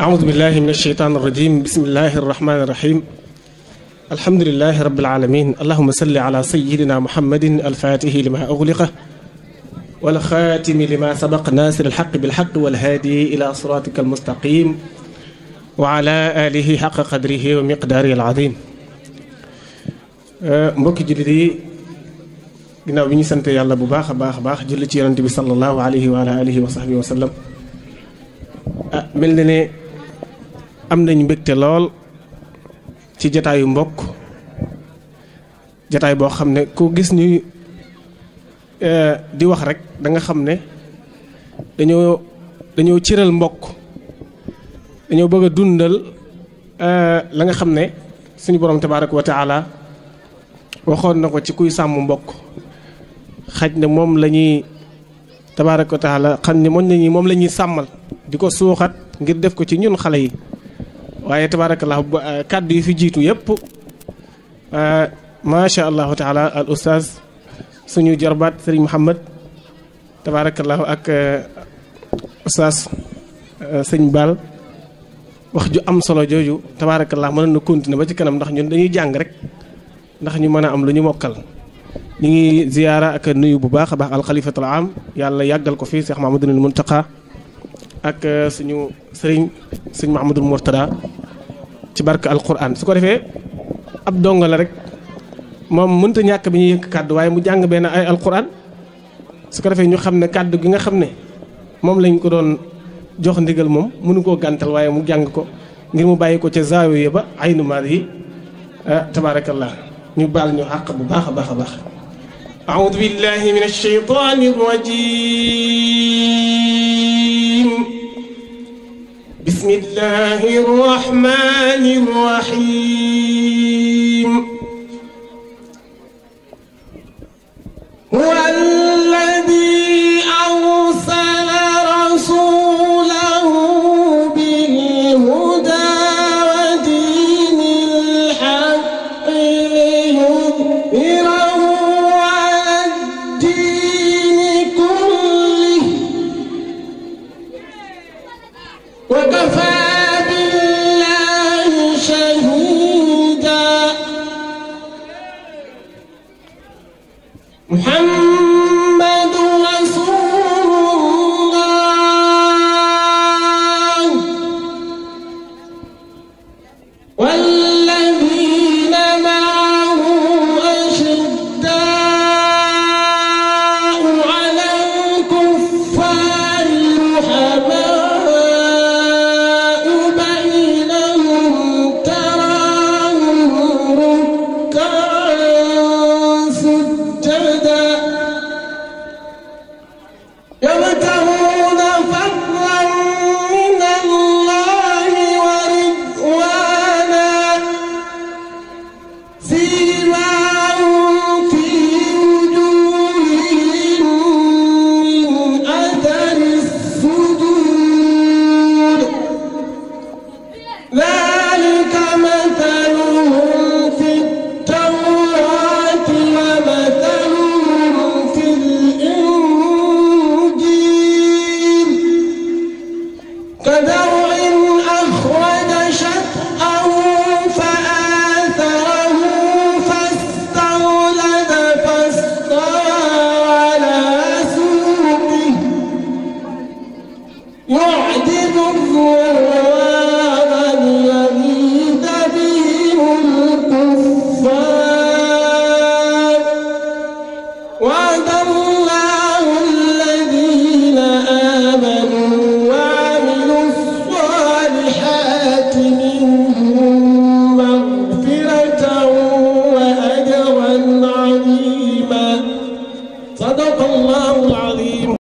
أعوذ بالله من الشيطان الرجيم بسم الله الرحمن الرحيم الحمد لله رب العالمين اللهم صل على سيدنا محمد الفاتح لما أغلقه والخاتم لما سبق ناصر الحق بالحق والهادي إلى صراطك المستقيم وعلى آله حق قدره ومقداره العظيم mbokki jullit yi ginnaaw bi ñu sant yàlla bu baax a baax a baax julli ci yonante bi sallallahu alayhi wa alihi wa sahbihi wa sallam ah mel na ne am nañ mbégte lool ci jataayu mbokk jataay boo xam ne ku gis ñuy e, di wax rek danga xam ne dañoo dañoo ciral mbokk dañoo bëgg a dundal e, la nga xam ne suñu borom tabaaraka wa taala waxoon na ko ci kuy sàmm mbokk xaj ne moom lañuy ñuy tabaaraka wa taala xam ne moom la moom la ñuy sàmmal di ko suuxat ngir def ko ci ñun xale yi waaye tabaarakallah eh, kàddu yi fi jiitu yëpp eh, macha allah taala al ustaz suñu jarbaat sëriñ Mouhamed tabaarakallah ak eh, ustaz sëñ Baal wax ju am solo jooju tabaarakallah mënoon na continuer ba ci kanam ndax ñun dañuy jàng rek ndax ñu mën a am lu ñu mokkal. ñu ngi ziyaara ak nuyu bu baax a baax alxalifatul am yàlla yàggal ko fii Cheikh Mahmadul Muntaqa ak suñu sëriñ sëñ Mahmadul Mourtada ci barke alquran su ko defee ab dongo la rek moom mënta ñàkk bi ñuy yëkk kàddu waaye mu jàng bee na ay alquran su ko defee ñu xam ne kàddu gi nga xam ne moom lañ ko doon jox ndigal moom mënu koo gàntal waaye mu jàng ko ngir mu bàyyi ko ca zaawiya ba aynu maal yi ah, tabaarakallah ñu baal ñu àq bu baax a baax a baax. الله الرحمن الرحيم Muhammad الدين